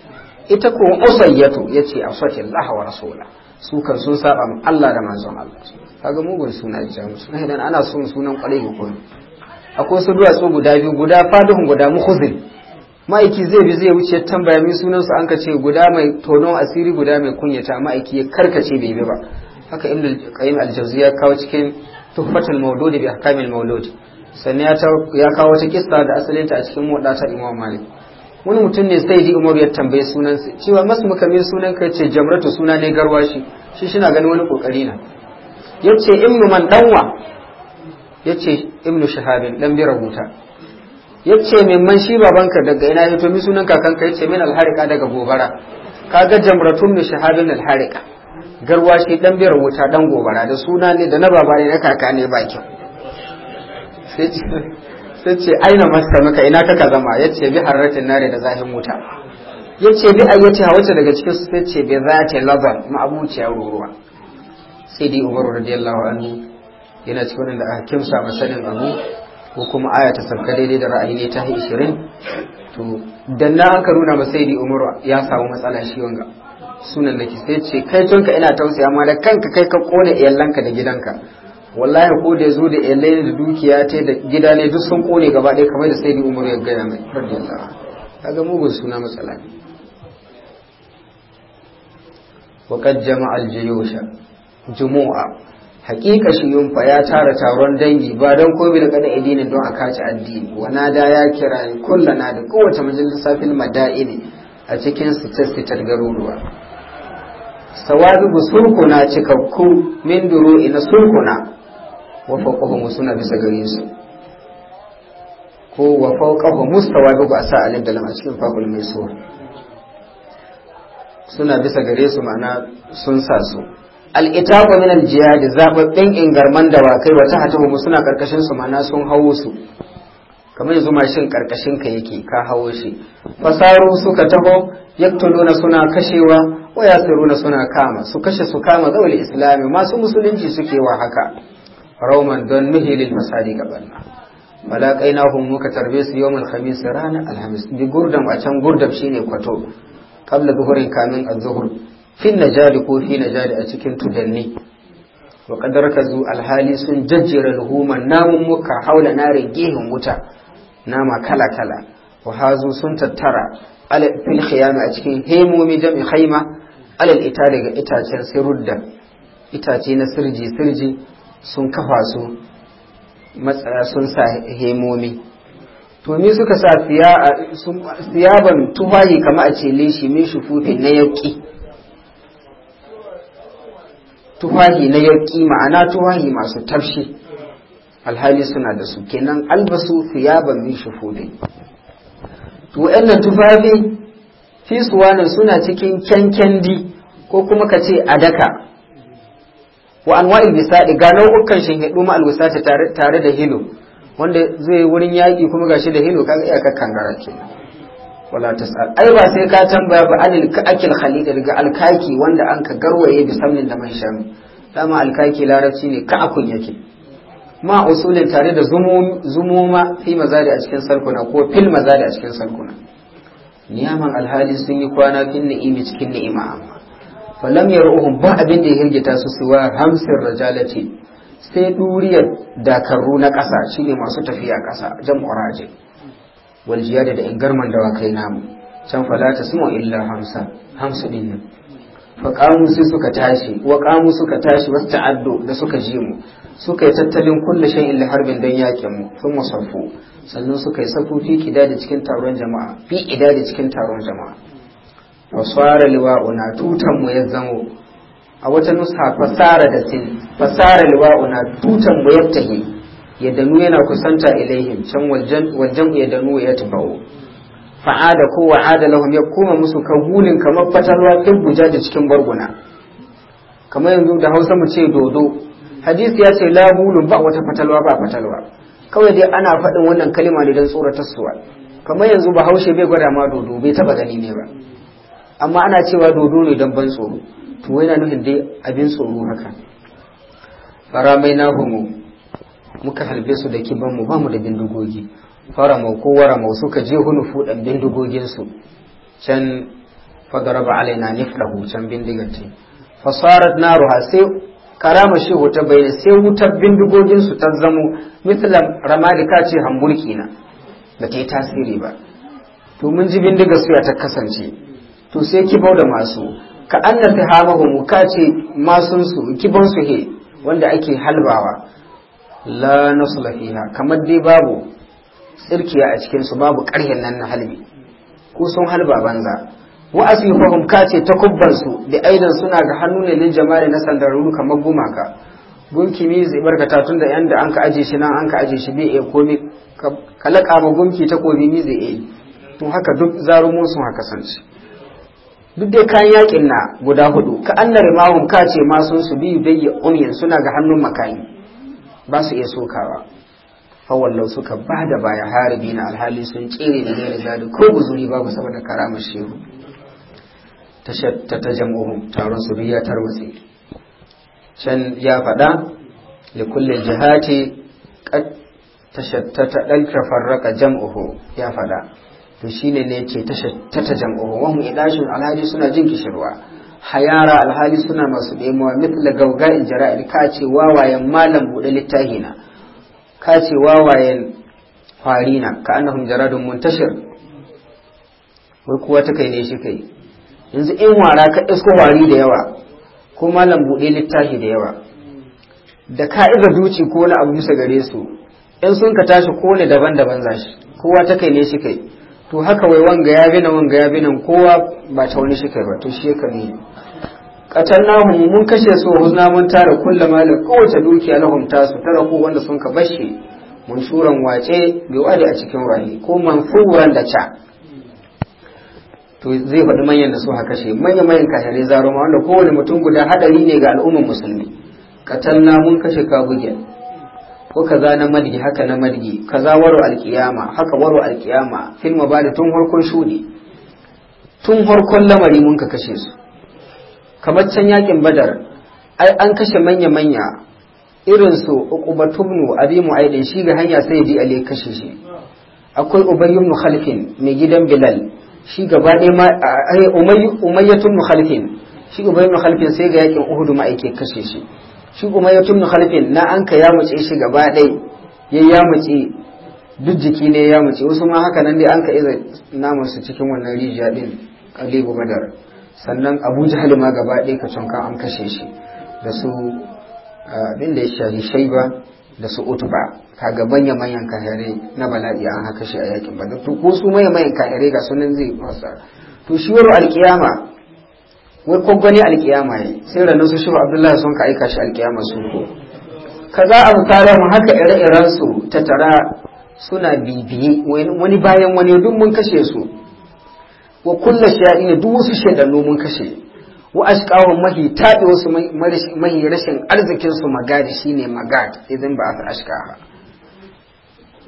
ita ko usayyatu yace asati Allah wa rasula su kan sun saba Allah da manzon Allah kaga mugun suna ja musu idan ana son sunan kwarai ko akwai wasu duwatsu guda biyu guda faduhun guda mukhuzin ma'aiki zai bi zai wuce tambaya min sunansu su an ka ce guda mai tonon asiri guda mai kunyata ma'aiki ya karkace bai bi ba haka ibn qayyim al ya kawo cikin tuhfatul mawlud bi ahkamil mawlud sannan ya kawo wata kissa da asalinta a cikin wadata imam malik wani mutum ne sai ji umar ya tambaye sunansa cewa masu makamin sunan ka ce jamratu suna ne garwashi shi shi na gani wani kokari na yace ce in man yace ibnu shahabin dan bi rahuta yace mimman shi babanka daga ina ya mi sunan kakanka yace min alharika daga gobara kaga jamratun ibnu shahabin alharika shi dan bi rahuta dan gobara da suna ne da na baba ne na kaka ne ba kyau sai ce aina masa maka ina kaka zama yace bi harratin nare da zahin wuta yace bi ayyati hawace daga cikin su sai ce bi zati laban ma abuciya ruwa sai dai umaru radiyallahu anhu yana cikin wanda aka kimsa masanin abu ko kuma aya ta sarka daidai da ra'ayi ne ta 20 to dan na aka nuna sai sayyidi umaru ya samu matsala shi wanga sunan da sai ce kai tunka ina tausaya amma da kanka kai ka kona iyalanka da gidanka wallahi ko da yazo da iyalai da dukiya ta da gida ne duk sun kone gaba ɗaya kamar da sayyidi umaru ya gaya mai radiyallahu kaga mugun suna matsala ne وقد جمع الجيوش jumu'a hakika shi yunfa ya tara taron dangi ba don komai da kada idinin don a kaci addini wana da ya kira kullana da kowace majalisa fil mada'ini a cikin sitar garuruwa sawabibu surkuna cikakku min duru ina surkuna wa fawqahu suna bisa gare su ko wa mustawa mustawabibu asa alin da lamar a cikin fakul mai suna bisa gare su ma'ana sun sa su al'itaku min jiyadi zaɓaɓɓen ingarman kai wata hatahu suna karkashin su mana sun hawo su kamar yanzu mashin karkashin ka yake ka hawo shi fasaru suka taho yaktuluna suna kashewa wa yasiruna suna kama su kashe su kama zawul islami masu musulunci suke wa haka rauman don muhilil masadi gabanna malakai na hun muka tarbe su yawon alhamis ranar alhamis bi gurdam a can gurdam shine kwato kabla zuhurin kamin al-zuhur fin najari ko fi najari a cikin tudanni wa kadar ka zu alhali sun jajjera luhuman namun muka haula narin gehen wuta nama kala kala wa hazu sun tattara fil khiyama a cikin hemomi jam'i khaima alal ita daga itacen sirudda itace na sirji sirji sun kafa su matsaya sun sa hemomi to ni suka sa siyaban tufayi kama a ce leshi min shufufin na yauki tufahi na yauƙi ma'ana tufahi masu tafshi alhali suna da su kenan albasu thiyaban min shuhudin to wayannan tufafi fi suwanin suna cikin kyankyandi ko kuma ka ce adaka wa anwa'il bisadi ga nau'ukan shinhidu ma alwisata tare da hilo wanda zai wurin yaƙi kuma gashi da hilo kaga iyakar kangara kenan wala tas'al ai ba sai ka tambaya ba anil akil da riga alkaki wanda an ka garwaye bi samnin da man sham dama alkaki larabci ne ka akun yake ma usulin tare da zumuma fi mazari a cikin sarkuna ko fil mazari a cikin sarkuna niyaman alhali sun yi kwana fin ni'imi cikin ni'ima amma falam yar'uhum ba abin da ya hirgita su siwa hamsin rajalati sai duriyar dakarru na ƙasa shine masu tafiya ƙasa jam'uraje wal jiyada da ingarman dawakai namu can fala tasmu illa hamsa hamsu din nan fa qamu sai suka tashi tashi wasu ta'addu da suka ji mu suka yi tattalin kulle shan illa don yakin mu sun musaffu sannan suka yi safu fi kidadi cikin taron jama'a fi idadi cikin taron jama'a mu ya zamo a wata nusa fasara da sin fasara mu ya tahi yadanu danu yana kusanta ilaihim can wajen ya danu ya tafawo da ko wa'ada lahum ya koma musu kahulin kamar fatalwa kin da cikin barguna kamar yanzu da hausa mu ce dodo hadisi ya ce lahulun ba wata fatalwa ba fatalwa kawai dai ana faɗin wannan kalima ne don tsoratar suwa kamar yanzu ba bai gwada ma dodo bai taba gani ne ba amma ana cewa dodo ne don ban tsoro to na nufin dai abin tsoro haka faramaina humu muka halbe su da kiban mu bamu da bindigogi fara mau ko wara mau suka je hunu fudan bindigogin su can fadaraba alaina niflahu can bindigar ce fasarat naruha sai karama shi wuta bai sai wutar bindigogin su ta zamo ramadi ka ce hamburki na ba ta yi tasiri ba to mun ji bindiga su ya ta kasance to sai kibau da masu ka annata hamahu mu ka ce masun su kibon su he wanda ake halbawa la nasla fiha kamar dai babu tsirkiya a cikin su babu ƙaryan nan na halbi ko sun halba banza wa asifahum kace takubban su da aidan suna ga hannu ne lin jama'a na sandaruru kamar gumaka gunki ne zai barkata tun da yanda an ka aje shi nan an ka aje shi bai iya komai kalaka ma gunki takobi ni zai iya to haka duk zarumun sun haka san duk dai kayan yakin na guda hudu ka annar mahum kace ma sun su biyu bayya suna ga hannun makani ba su iya sokawa fawallau suka ba da baya harbi na alhali sun tsere da gari zadi ko guzuri babu saboda karamar shehu ta ta jam'uhum taron su biya can ya faɗa da kullum jihati tashattata ɗan tafarraka jam'uhu ya faɗa to shine ne ce tashattata jam'uhu wahum idashin Alhaji suna jin kishirwa hayara alhali suna masu nemowa mitla gauga in jara'il ka ce wawayen malam buɗe littahina, na ka ce wawayen kwari na ka annahum jaradun muntashir wai kuwa ta kai ne shi kai yanzu in wara ka isko wari da yawa ko malam buɗe littahi da yawa da ka iza zuci ko na abu bisa gare su in sun ka tashi ko ne daban-daban zashi kowa ta kai ne shi kai to haka wai wanga ya bina wanga ya binan kowa ba ta wani shikar ba to shi ne katal namu mun kashe su wa huzna mun tara kulla mala kowace dukiya lahum su tara ko wanda sun ka bashi mun shuran wace bai wadi a cikin wani ko furan da ca to zai faɗi manyan da su haka kashe manyan manyan kahirai zaruma wanda kowane mutum guda haɗari ne ga al'ummar musulmi katal na mun kashe kabugiya ko kaza na madgi haka na madgi kaza waro alkiyama haka waro alkiyama fil mabadi tun harkon shudi tun harkon lamari mun ka kashe su kamar can yakin badar ai an kashe manya manya irin su uqubatubnu abi mu'aidin shi ga hanya sai ji ali kashe shi akwai ubayyun ibn mai gidan bilal shi gaba ɗaya ma ai shi ubayyun ibn sai ga yakin uhud ma kashe shi shi ya ibn halifin na an ka yamuce shi gaba ɗai ya yamuce duk jiki ne ya mace wasu ma haka nan dai an ka iza naman cikin wannan rijiya din kalibu badar sannan abu jahal ma gaba ɗaya ka cunka an kashe shi da su abin da ya shahi shaiba da su ka kaga manya manyan kahere na bala'i an haka shi a yakin ba da ko su manya manyan ga sunan zai kwasa to shi wani alkiyama wai kwaggwani alkiyama ne sai ranar su shi abdullahi sun ka aika shi alkiyama su ko ka za a abu mu haka ire-iren su ta tara suna bibiye wani bayan wani duk mun kashe su wa kulla shaɗi ne duk wasu shaɗannu mun kashe wa ashqawun mahi taɗe wasu mahi rashin arzikin su magadi shine magad idan ba a ashqaha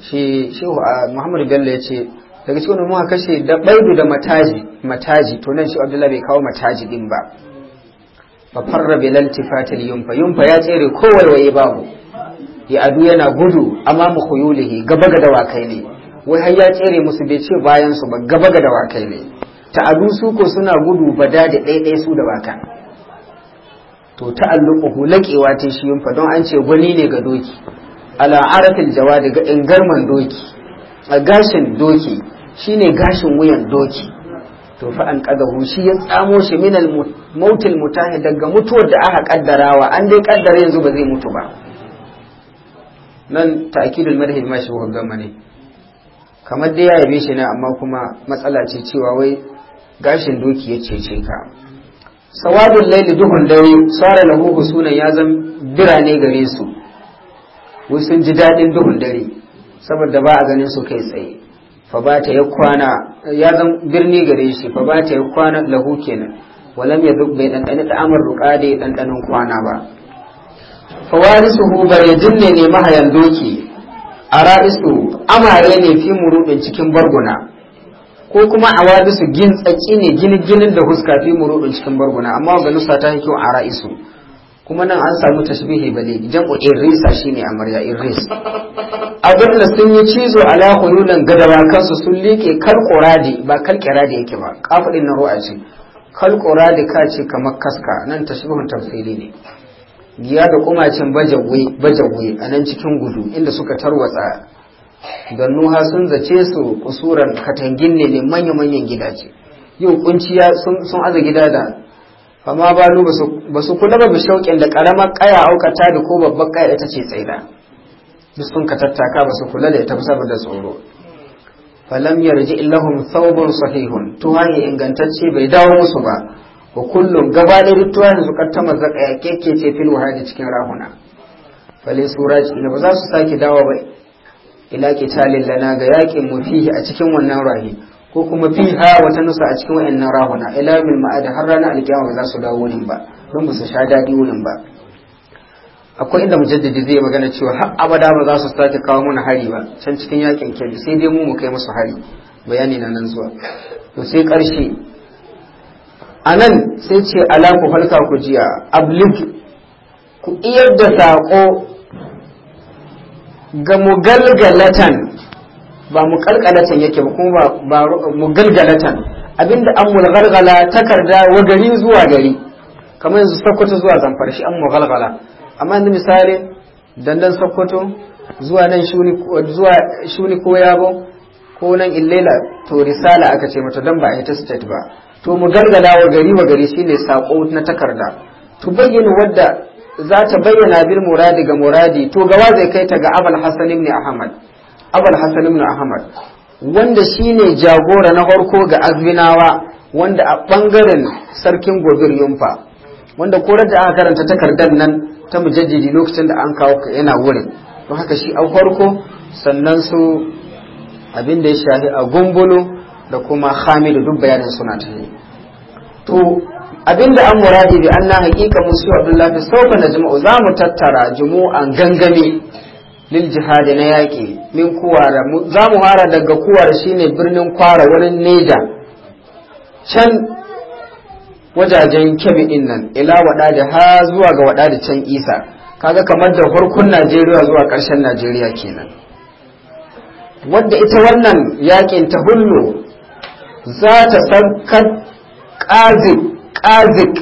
shi shehu ah, Muhammadu Bello ya ce daga cikin wani muka kashe da baidu da mataji mataji to nan shi abdullahi bai kawo mataji din ba fa farra bil iltifatil yumfa yumfa ya tsere waye babu ya adu yana gudu amma mu khuyulihi gaba ga dawakai ne wai har ya tsere musu bai ce bayan su ba gaba ga dawakai ne Ta adu su ko suna gudu bada da ɗaya su da baka to ta ku laƙewa ta shi yunfa don an ce gwani ne ga doki ala arafil jawadi ga ingarman doki A gashin doki shine gashin wuyan doki to fa an kadahu shi ya tsamo shi min al mautil daga mutuwar da aka kaddarawa an dai ƙaddara yanzu ba zai mutu ba nan ta'kidul madhi ma shi gama ne kamar dai ya yabe shi ne amma kuma matsala ce cewa wai gashin doki ya cece ka sawadul laili duhun dare sara lahu sunan ya zan birane gare su wai sun ji daɗin duhun dare saboda ba a ganin su kai tsaye fa ba ta ya kwana ya zan birni gare shi fa ba ta ya kwana lahu kenan walam ya bai ɗanɗani da ruƙa da dan dan kwana ba fa wani ya barejin ne ne mahayan doki a ra'isu amare ne fi muruɗin cikin barguna ko kuma a wadisu gin tsaki ne ginin ginin da huska fi muruɗin cikin barguna amma ga nusa ta kyau a ra'isu kuma nan an samu tasbihi bali jam'u irisa shine amarya iris abin da sun yi cizo ala huyulan gadawa kansu sun like kal ba kal qiradi yake ba kafadin na ru'a ce kal ka ce kamar kaska nan tasbihun tafsiri ne giya da kumacin bajagwe a nan cikin gudu inda suka tarwatsa gannuha sun zace su kusuran katangin ne ne manya-manyan gidaje yau kunciya sun aza gida da fama balu ba su kula ba bishauƙin da ƙaramar ƙaya aukata da ko babbar ƙaya ita ce tsaida duk sun ka tattaka ba su kula da ita ba saboda tsoro falam yarji illahum thawbun sahihun tuwani ingantacce bai dawo musu ba wa kullum gaba da tuwani su kattama zaka yake ce fil wahadi cikin rahuna fale suraji ne ba za su sake dawo ba ila kitalin lana ga yakin mu fihi a cikin wannan rahi ko kuma fiha wata nusa a cikin wa'annan rahuna ila min ma'ada, har rana alkiyama ba za su dawo wurin ba don ba su sha daɗi wurin ba akwai inda mujaddidi zai magana cewa har abada ba za su sake kawo mana hari ba can cikin yakin kebi sai dai mu mu kai musu hari bayani na nan zuwa to sai karshe anan sai ce alaku ku halka ku jiya ablik ku iyar da saƙo. ga mugalgalatan ba mu kalkalatan yake ba kuma ba mu galgalatan abinda an mulgalgala takarda wa gari zuwa gari kamar yanzu sokoto zuwa zamfara shi an mulgalgala amma yanzu misali dandan sokoto zuwa nan shuni zuwa shuni ko yabo ko nan illela to risala aka ce mata dan ba a ta state ba to mu galgala wa gari wa gari shine sako na takarda to bayyana wadda za ta bayyana bil muradi ga muradi to gawa zai kai ta ga abul hasan ibn ahmad abul hasan ibn ahmad wanda shine jagora na farko ga azminawa wanda a bangaren sarkin gobir yunfa, wanda korar da aka karanta takardar nan ta mujaddidi lokacin da an kawo ka yana wurin don haka shi a farko sannan su abin da ya shafi a gumbulu da kuma hamidu duk bayanin suna ta yi to abin da an muradi bi an na hakika musu abdullahi sauka na jima'u za mu tattara jumu'an gangame lil jihadi na yaki. min kuwara za mu hara daga kuwar shine birnin kwara wurin neja can wajajen din nan ila wada da ha zuwa ga wada da can isa kaga kamar da farkon najeriya zuwa ƙarshen najeriya kenan wadda ita wannan yaƙin ta hullu za ta san ƙazik ƙazik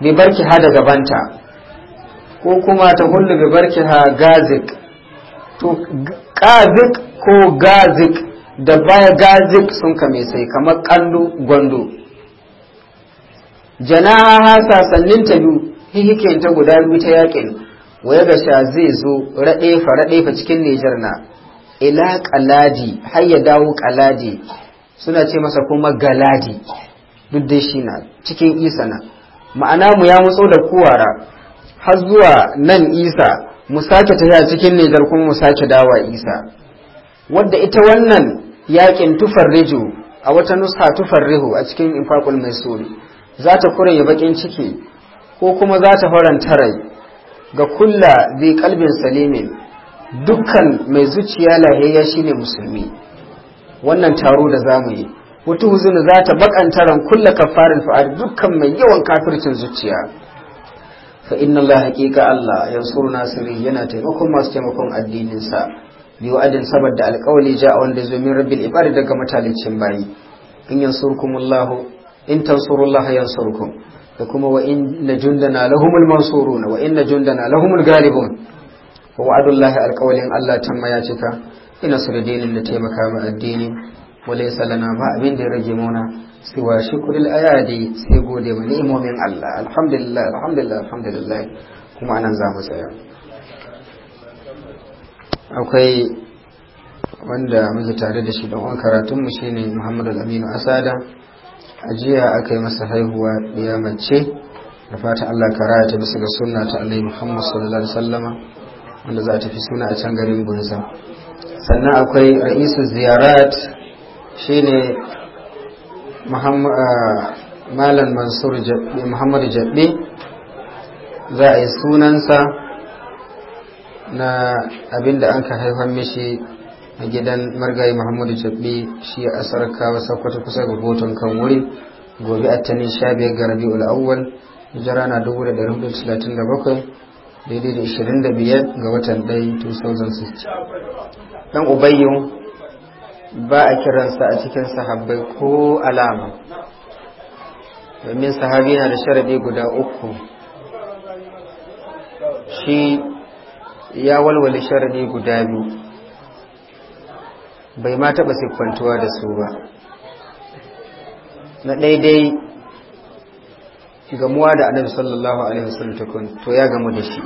bi barki ha da gabanta ko kuma ta hullu bi ha gazik to qazik ko gazik da baya gazik sun kame sai kamar kallo gwando janaha sasannin ta biyu hihiken ta guda biyu ta yakin waya sha zai zo raɗe fa raɗe fa cikin Nijar na ila kaladi har ya dawo kaladi suna ce masa kuma galadi duk dai shi na cikin isa na ma'ana mu ya mutso da kuwara har zuwa nan isa mu sake tafiya cikin nijar kuma mu sake dawa isa wadda ita wannan yakin tufarriju a wata nusa tufarrihu a cikin infaqul maisuri za ta ya bakin ciki ko kuma za ta faranta rai ga kulla bi kalbin salimin dukkan mai zuciya shi shine musulmi wannan taro da zamu yi wata huzuna za ta bakantaran ran kulla kafarin fa'ad dukkan mai yawan kafircin zuciya fa inna Allah haqiqa Allah yansuru nasiri yana taimakon masu taimakon addinin sa bi wa'adin saboda alƙawali ja wanda zo min rabbil ibadi daga matalicin bayi in yansurkum Allah in tansurullaha yansurkum da kuma wa inna jundana lahumul mansurun wa inna jundana lahumul galibun wa wa'adullahi alƙawalin Allah tamma ya cika ina su da da taimaka ma addini walaisa lana ba abin da ya rage muna sai wa shukuril ayadi sai gode mu ni'imomin Allah alhamdulillah alhamdulillah alhamdulillah kuma anan za mu tsaya akwai wanda muke tare da shi da wani karatun mu shine Muhammadu Aminu Asada ajiya akai masa haihuwa ya mace da fata Allah karaya ta bisa ga sunna ta Annabi Muhammad sallallahu wanda za tafi suna a can garin Gunza sannan akwai ra'isul ziyarat Shi ne ah, malam mansur muhammad jabbe za a yi sunansa na abinda an ka haifan mishi a gidan margayi muhammadu jabbe shi a sarkawa sakwata kusa ga hoton kan wuri gobe a tanin sha biyar ga rabi'ul awwal hijira na 1437 daidai da 25 ga watan 1 2006 dan ubayyun ba a kiransa a cikin sahabbai ko alama domin sahabi na da sharaɗi guda uku shi ya walwale sharaɗi guda biyu bai ma taɓa siffantuwa da su ba na daidai gamuwa da annabi sallallahu alaihi wasallam to ya gamu da shi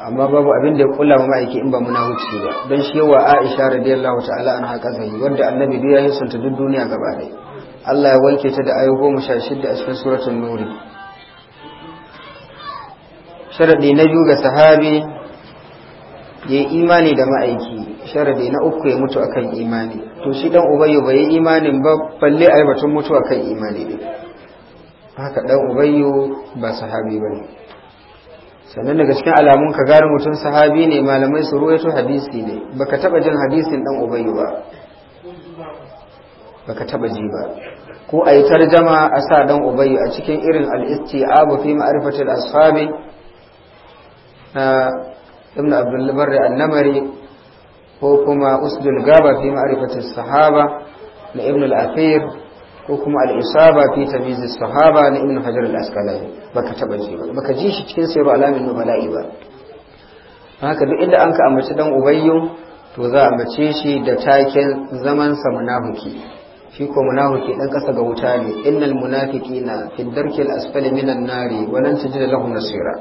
amma babu abin da ya kula ma ma'aiki in ba munafici ba don shi yawa Aisha radiyallahu ta'ala anha zai wanda annabi duk ya sunta duk duniya gaba ɗaya Allah ya wanke ta da ayo goma sha shida a cikin suratul nuri sharadi na biyu ga sahabi ya yi imani da ma'aiki sharadi na uku ya mutu akan imani to shi dan ubayyu bai yi imanin ba balle ai batun mutu akan imani ne haka dan ubayyu ba sahabi bane sannan daga cikin alamun ka gane mutum sahabi ne malamai su ruwaito hadisi ne baka taba jin hadisin dan ubayyu ba baka taba ji ba ko a yi tarjama a sa dan ubayyu a cikin irin al-isti'abu fi ma'rifatil ashabi na ibnu abdul barri an-namari ko kuma usdul gaba fi ma'rifatis sahaba na ibn al ko kuma al-isaba fi tamyiz as-sahaba na ibn hajar al ba ka taba ji ba ka ji shi cikin ba alamin bala'i ba haka duk inda an ka ambaci dan ubayyo to za a ambace shi da taken zaman sa munafiki shi ko munafiki dan kasa ga wuta ne innal munafiqina fi darkil asfali minan nari wa lan tajid lahum nasira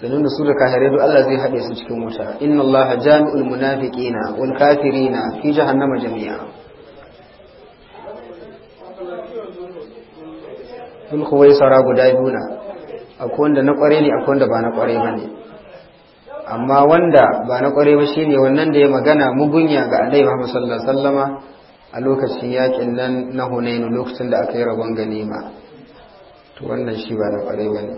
sanin da su da kafirai duk Allah zai haɗe su cikin wuta inna allaha jami'ul munafiqina wal kafirina fi jahannama jami'a kuwa ya saura guda biyu na akwai wanda na kware ne akwai wanda ba na kware ba ne amma wanda ba na kware ba shine wannan da ya magana mugunya ga annabi Muhammad sallallahu alaihi wasallama a lokacin yakin nan na Hunain lokacin da aka yi rabon ganima to wannan shi ba na kware ba ne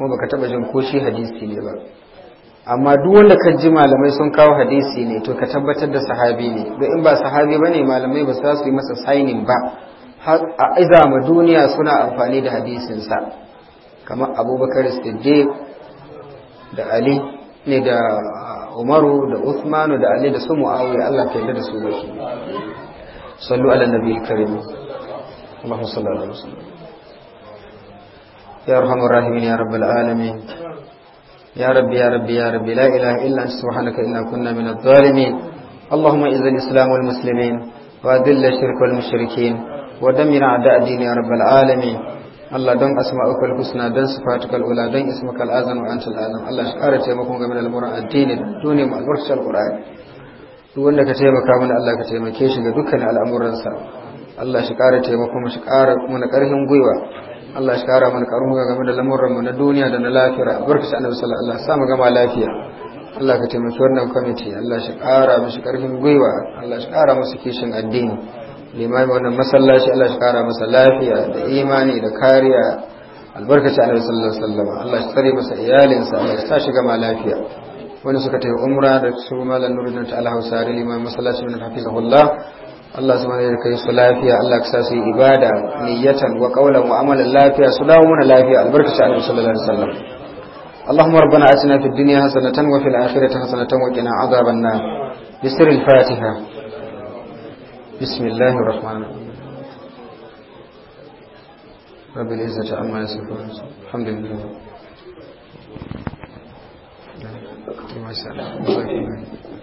mu baka taba jin ko shi hadisi ne ba amma duk wanda ka ji malamai sun kawo hadisi ne to ka tabbatar da sahabi ne don in ba sahabi ba ne malamai ba su yi masa sainin ba a izama duniya suna amfani da hadisinsa kamar abubakar siddiq da ali ne da umaru da usmanu da ali da su mu'awiyar allah ta yarda da su baki sallu ala nabi karim allahumma salli ala musulmi ya arhamar rahimin ya rabbal alamin ya rabbi ya rabbi ya rabbi la ilaha illa anta subhanaka inna kunna min adh-dhalimin اللهم اعز الاسلام والمسلمين واذل الشرك والمشركين ودمر أعداء الدين يا رب العالمين Allah don asma'ukal husna don sifatukal ula don ismakal azan wa antal azam Allah shi ƙara taimakon game da lamuran addini da duniya mu albarkacin alqur'ani duk wanda ka taimaka mana Allah ka taimake shi ga al'amuransa Allah shi ƙara taimako mu shi ƙara mana gwiwa Allah shi ƙara mana ƙarfin gwiwa da lamuran mu na duniya da na lafiya albarkacin annabi sallallahu alaihi wasallam gama lafiya Allah ka taimaki wannan kwamiti Allah shi ƙara mishi ƙarfin gwiwa Allah shi ƙara musu kishin addini limamin wannan masallaci Allah shi kara masa lafiya da imani da kariya albarkaci alaihi sallallahu alaihi wasallam Allah shi tsare masa iyalinsa Allah shi sa shi gama lafiya wani suka tafi umra da su malam nuruddin ta Allah hausari limamin masallaci min hafizahullah Allah subhanahu wa kai su lafiya Allah ka sa su yi ibada niyyatan wa qawlan wa amalan lafiya su dawo mana lafiya albarkaci alaihi sallallahu alaihi wasallam اللهم ربنا اتنا في الدنيا حسنه وفي الاخره حسنه وقنا عذاب النار بسر الفاتحه بسم الله الرحمن الرحيم رب العزة عما يصفون الحمد لله Thank you.